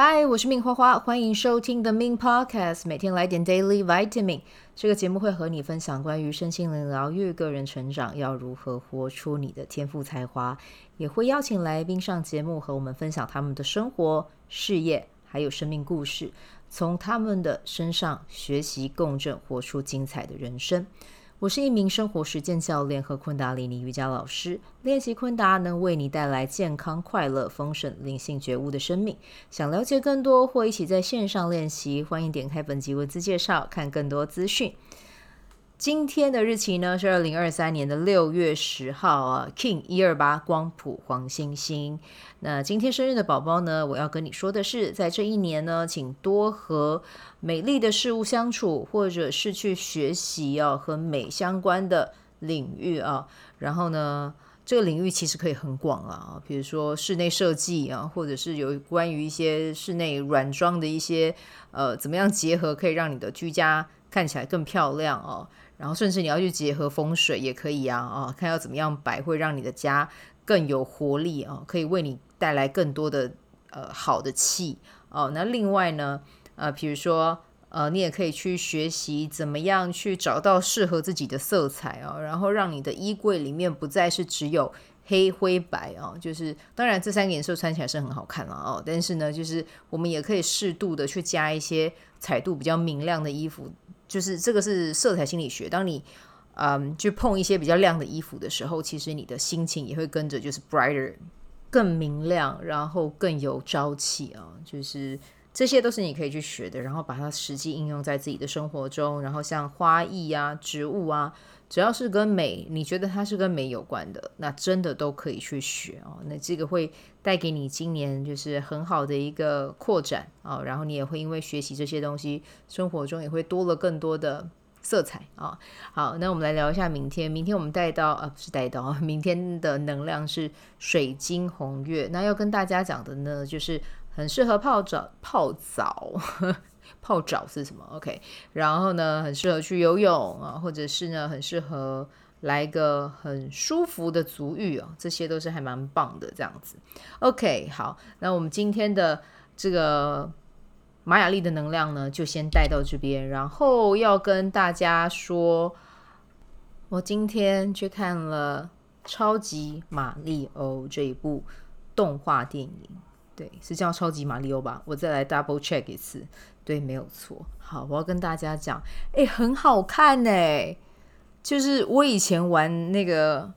嗨，我是 Min 花花，歡迎收聽 The Min Podcast，每天來點 Daily Vitamin。這個節目會和你分享關於身心靈療癒、個人成長要如何活出你的天賦才華，也會邀請來賓上節目和我們分享他們的生活、事業，還有生命故事，從他們的身上學習共振，活出精彩的人生。我是一名生活實踐教練和昆達里尼瑜伽老師，練習昆達能為你帶來健康、快樂、豐盛、靈性覺悟的生命。想了解更多或一起在線上練習，歡迎點開本集文字介紹，看更多資訊。今天的日期呢是二零二三年的六月十號啊，King 一二八光譜黃星星。那今天生日的寶寶呢，我要跟你說的是，在這一年呢，請多和美麗的事物相處，或者是去學習要、啊、和美相關的領域啊。然後呢，這個領域其實可以很廣啊，比如說室內設計啊，或者是有關於一些室內軟裝的一些呃，怎麼樣結合可以讓你的居家看起來更漂亮哦、啊。然後甚至你要去結合風水也可以呀、啊、啊、哦，看要怎麼樣擺會讓你的家更有活力啊、哦，可以為你帶來更多的呃好的氣哦。那另外呢，呃，比如說呃，你也可以去學習怎麼樣去找到適合自己的色彩啊、哦，然後讓你的衣櫃裡面不再是只有黑灰白啊、哦，就是當然這三個顏色穿起來是很好看了哦，但是呢，就是我們也可以適度的去加一些彩度比較明亮的衣服。就是這個是色彩心理學。當你，嗯，去碰一些比較亮的衣服的時候，其實你的心情也會跟着就是 brighter，更明亮，然後更有朝氣啊，就是。這些都是你可以去學的，然後把它實際應用在自己的生活中。然後像花藝啊、植物啊，只要是跟美，你覺得它是跟美有關的，那真的都可以去學哦。那這個會帶給你今年就是很好的一個擴展啊、哦。然後你也會因為學習這些東西，生活中也會多了更多的色彩啊、哦。好，那我們來聊一下明天。明天我們帶到啊，不是帶到，明天的能量是水晶紅月。那要跟大家講的呢，就是。很適合泡澡，泡澡， 泡澡是什麼？OK，然後呢，很適合去游泳啊，或者是呢，很適合來一個很舒服的足浴哦。這些都是還蠻棒的這樣子。OK，好，那我們今天的這個馬雅曆的能量呢，就先帶到這邊，然後要跟大家說，我今天去看了《超級瑪利歐》這一部動畫電影。對，是叫超級瑪利歐吧？我再來 double check 一次，對，沒有錯。好，我要跟大家講，哎，很好看哎，就是我以前玩那個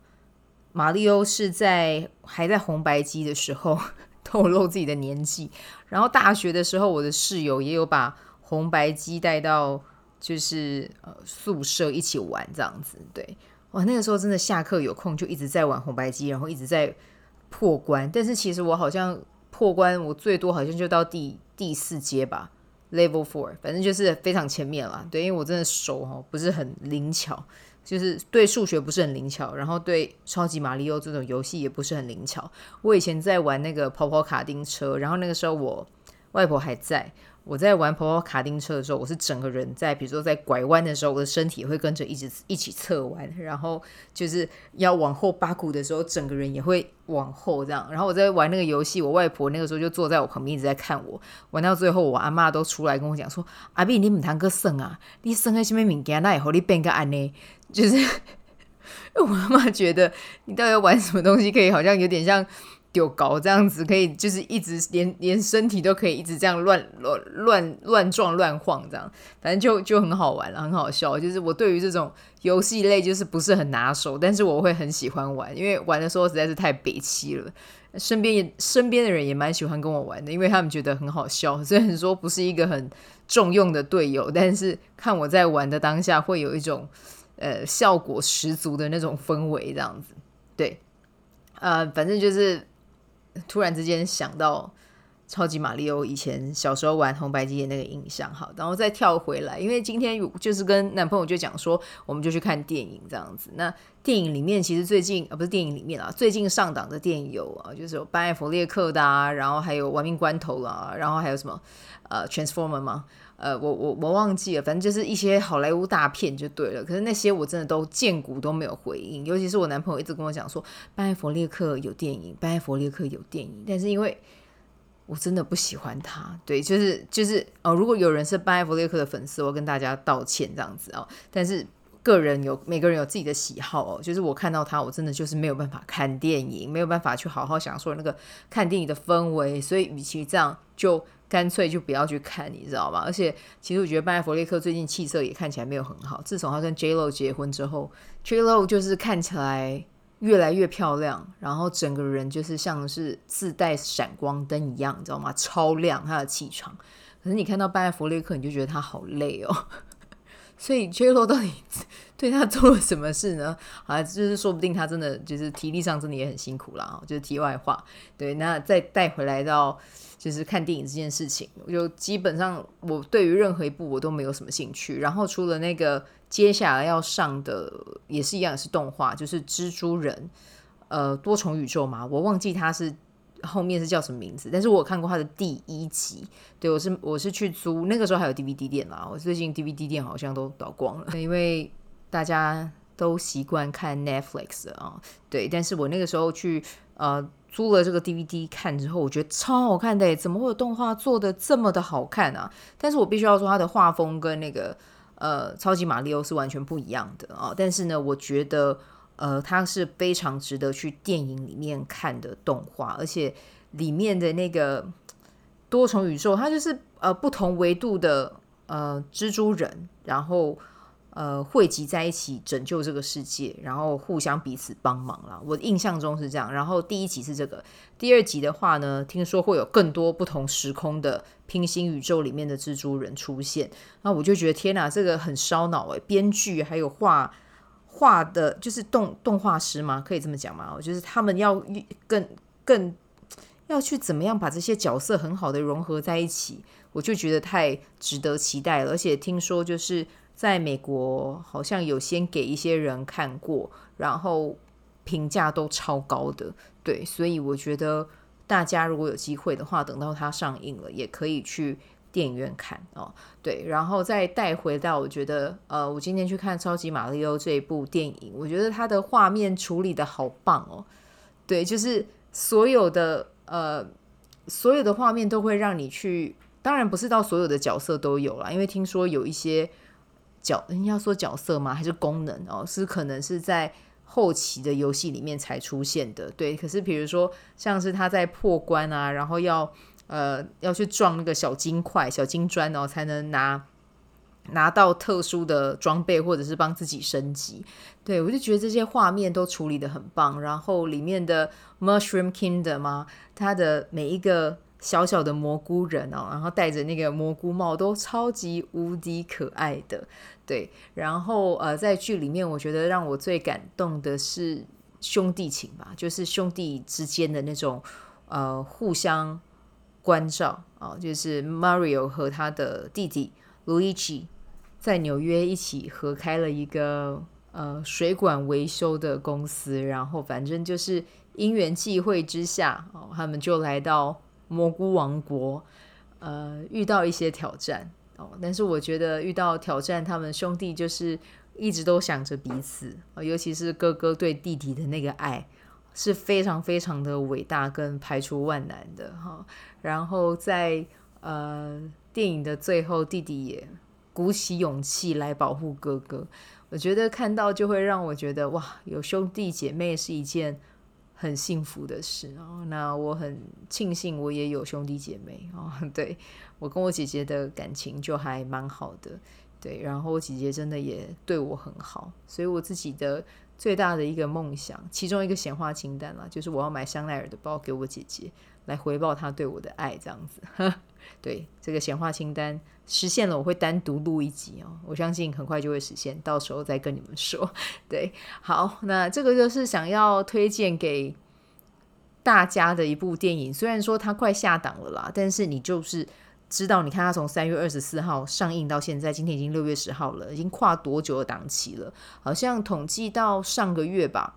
瑪利歐是在還在紅白機的時候，透露自己的年紀。然後大學的時候，我的室友也有把紅白機帶到，就是呃宿舍一起玩這樣子。對，我那個時候真的下課有空就一直在玩紅白機，然後一直在破關。但是其實我好像。破關我最多好像就到第第四階吧，level four，反正就是非常前面了。對，因為我真的手哦不是很靈巧，就是對數學不是很靈巧，然後對超級瑪利歐這種遊戲也不是很靈巧。我以前在玩那個跑跑卡丁車，然後那個時候我。外婆還在，我在玩跑跑卡丁車的時候，我是整個人在，比如說在拐彎的時候，我的身體會跟着一直一起側彎，然後就是要往後八股的時候，整個人也會往後這樣。然後我在玩那個遊戲，我外婆那個時候就坐在我旁邊一直在看我。玩到最後，我阿嬤都出來跟我講說：“阿比你唔貪個勝啊，你勝個什麼物件，那以後你變個安呢？”就是因為我阿嬤覺得你到底要玩什麼東西可以好像有點像。丟高這樣子可以，就是一直連連身體都可以一直這樣亂亂亂亂撞亂晃這樣，反正就就很好玩了，很好笑。就是我對於這種遊戲類就是不是很拿手，但是我會很喜歡玩，因為玩的時候實在是太北七了。身邊也身邊的人也蠻喜歡跟我玩的，因為他們覺得很好笑。雖然說不是一個很重用的隊友，但是看我在玩的當下，會有一種呃效果十足的那種氛圍這樣子。對，呃，反正就是。突然之間想到超級瑪利歐，以前小時候玩紅白機的那個印象，好，然後再跳回來，因為今天就是跟男朋友就講說，我們就去看電影這樣子。那電影裡面其實最近啊、呃，不是電影裡面啊，最近上檔的電影有啊，就是有《班艾弗列克》的、啊，然後還有《玩命關頭》啊，然後還有什麼呃《Transformer 嘛呃，我我我忘記了，反正就是一些好萊塢大片就對了。可是那些我真的都見骨都沒有回應，尤其是我男朋友一直跟我講說，班艾佛列克有電影，班艾佛列克有電影，但是因為我真的不喜歡他，對，就是就是哦，如果有人是班艾佛列克的粉絲，我跟大家道歉這樣子哦，但是。個人有每個人有自己的喜好哦，就是我看到他，我真的就是沒有辦法看電影，沒有辦法去好好享受那個看電影的氛圍，所以與其這樣，就乾脆就不要去看，你知道嗎？而且其實我覺得班艾佛列克最近氣色也看起來沒有很好，自從他跟 J Lo 結婚之後，J Lo 就是看起來越來越漂亮，然後整個人就是像是自帶閃光燈一樣，你知道嗎？超亮他的氣場，可是你看到班艾佛列克，你就覺得他好累哦。所以切羅到底對他做了什麼事呢？啊，就是說不定他真的就是體力上真的也很辛苦啦，就是題外話。對，那再帶回來到就是看電影這件事情，我就基本上我對於任何一部我都沒有什麼興趣。然後除了那個接下來要上的也是一樣是動畫，就是蜘蛛人，呃，多重宇宙嘛，我忘記他是。後面是叫什麼名字？但是我有看過他的第一集。對，我是我是去租，那個時候還有 DVD 店啦。我最近 DVD 店好像都倒光了，因為大家都習慣看 Netflix 啊。對，但是我那個時候去呃租了這個 DVD 看之後，我覺得超好看的，怎麼會有動畫做得這麼的好看啊？但是我必須要說，它的畫風跟那個呃超級瑪利歐是完全不一樣的啊。但是呢，我覺得。呃，它是非常值得去電影裡面看的動畫，而且裡面的那個多重宇宙，它就是呃不同維度的呃蜘蛛人，然後呃匯集在一起拯救這個世界，然後互相彼此幫忙了。我印象中是這樣。然後第一集是這個，第二集的話呢，聽說會有更多不同時空的平行宇宙裡面的蜘蛛人出現，那我就覺得天吶，這個很燒腦誒、欸，編劇還有畫。畫的就是動動畫師嗎？可以這麼講嗎？我覺得他們要更更要去怎麼樣把這些角色很好的融合在一起，我就覺得太值得期待了。而且聽說就是在美國，好像有先給一些人看過，然後評價都超高的，對，所以我覺得大家如果有機會的話，等到它上映了，也可以去。電影院看哦，對，然後再帶回到我覺得，呃，我今天去看《超級瑪利歐》這一部電影，我覺得它的畫面處理得好棒哦，對，就是所有的呃所有的畫面都會讓你去，當然不是到所有的角色都有啦，因為聽說有一些角、嗯、要說角色嗎？還是功能哦、喔？是可能是在後期的遊戲裡面才出現的，對。可是比如說，像是他在破關啊，然後要。呃，要去撞那個小金塊、小金磚哦，然後才能拿拿到特殊的裝備，或者是幫自己升級。對，我就覺得這些畫面都處理得很棒，然後裡面的 Mushroom Kingdom 嘛，他的每一個小小的蘑菇人哦，然後戴着那個蘑菇帽，都超級無敵可愛的。對，然後呃，在劇裡面，我覺得讓我最感動的是兄弟情吧，就是兄弟之間的那種呃互相。關照啊，就是 Mario 和他的弟弟 Luigi 在紐約一起合開了一個呃水管維修的公司，然後反正就是因緣際會之下，哦，他們就來到蘑菇王國，呃，遇到一些挑戰，哦，但是我覺得遇到挑戰，他們兄弟就是一直都想着彼此，尤其是哥哥對弟弟的那個愛。是非常非常的偉大跟排除萬難的哈，然後在呃電影的最後，弟弟也鼓起勇氣來保護哥哥，我覺得看到就會讓我覺得哇，有兄弟姐妹是一件很幸福的事哦。那我很慶幸我也有兄弟姐妹哦，對，我跟我姐姐的感情就還蠻好的，對，然後我姐姐真的也對我很好，所以我自己的。最大的一個夢想，其中一個顯化清單啦、啊，就是我要買香奈兒的包給我姐姐，來回報她對我的愛，這樣子。對，這個顯化清單實現了，我會單獨錄一集哦，我相信很快就會實現，到時候再跟你們說。對，好，那這個就是想要推薦給大家的一部電影，雖然說它快下檔了啦，但是你就是。知道？你看它從三月二十四號上映到現在，今天已經六月十號了，已經跨多久的檔期了？好像統計到上個月吧。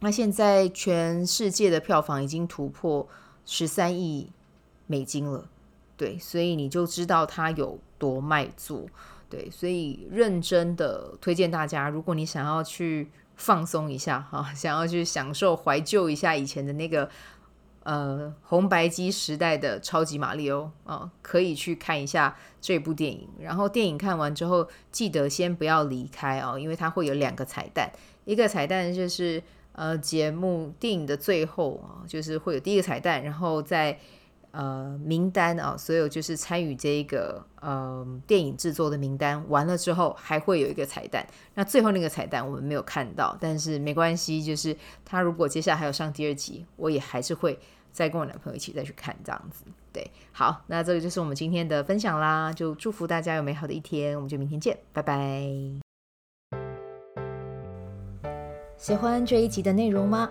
那現在全世界的票房已經突破十三億美金了，對，所以你就知道它有多賣座，對，所以認真的推薦大家，如果你想要去放鬆一下哈，想要去享受懷舊一下以前的那個。呃，紅白機時代的超級瑪利歐啊，可以去看一下這部電影。然後電影看完之後，記得先不要離開哦、呃，因為它會有兩個彩蛋。一個彩蛋就是呃，節目電影的最後啊、呃，就是會有第一個彩蛋，然後在。呃，名單啊、哦，所有就是參與這一個呃電影制作的名單完了之後，還會有一個彩蛋。那最後那個彩蛋我們沒有看到，但是沒關係，就是他如果接下來還有上第二集，我也還是會再跟我男朋友一起再去看這樣子。對，好，那這個就是我們今天的分享啦，就祝福大家有美好的一天，我們就明天見，拜拜。喜歡這一集的內容嗎？